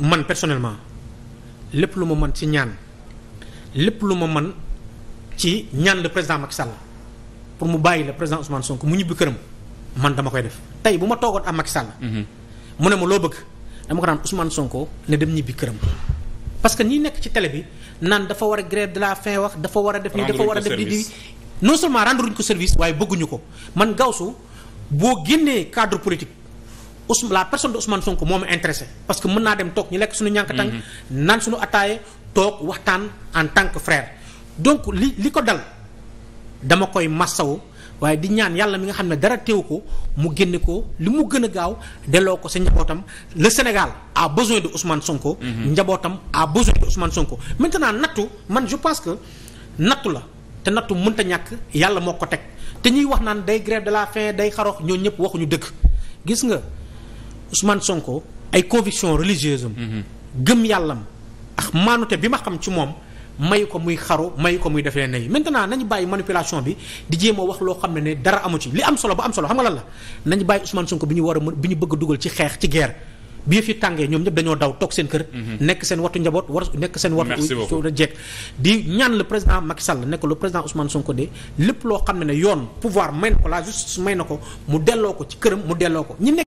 man personnellement lépp lu ma mën ci ñaan lépp lu ma mën ci ñaan le président Macky Sall pour mu bàyyi le président Ousmane Sonko mu ñibbi këram man dama koy def tey bu ma toogoon am Macky Sall. Mhm. mu ne ma loo bëgg dama ko naan Ousmane Sonko ne dem ñibbi këram. parce que ñi nekk ci télé bi naan dafa war a grève de la fin wax dafa war a def nii dafa war a def di non seulement rendre ñu ko service waaye bëgguñu ko man su boo génnee cadre politique. Ousmane la personne de Ousmane Sonko moo ma intéressé parce que mën naa dem toog ñu lekk suñu ñànk tàng mhm. naan suñu ataaye toog waxtaan en tant que frère donc li li ko dal dama koy massawu waaye di ñaan yàlla mi nga xam ne dara teew ko mu génne ko li mu gën a gaaw delloo ko sa njabootam le Sénégal a besoin Sonko. Mhm. njabootam a besoin de Ousmane Sonko. nattu man je pense que nattu la te nattu mënta ñàkk yàlla moo ko teg te ñuy wax naan day grève de la faim day xarox ñoo ñëpp waxuñu dëkk gis nga. Ousmane Sonko ay conviction religieuse am. Mhm. gëm yàllam ak maanute bi ma xam ci moom mayu ko muy xaru mayu ko muy def leneen maintenant nañu bàyyi manipulation bi di jéem a wax loo xam ne ne dara amu ci li am solo ba am solo xam nga lan la nañu bàyyi Ousmane Sonko bi ñu war a mën bi ñu bëgg dugal ci xeex ci guerre bi yëf tàngee ñoom ñëpp dañoo daw toog seen kër. Mhm. nekk seen wattu njaboot war nekk seen. merci wattu jeeg di ñaan le président Macky Sall nekk le président Ousmane Sonko de lépp loo xam ne yoon pouvoir na ko la justice may na ko mu delloo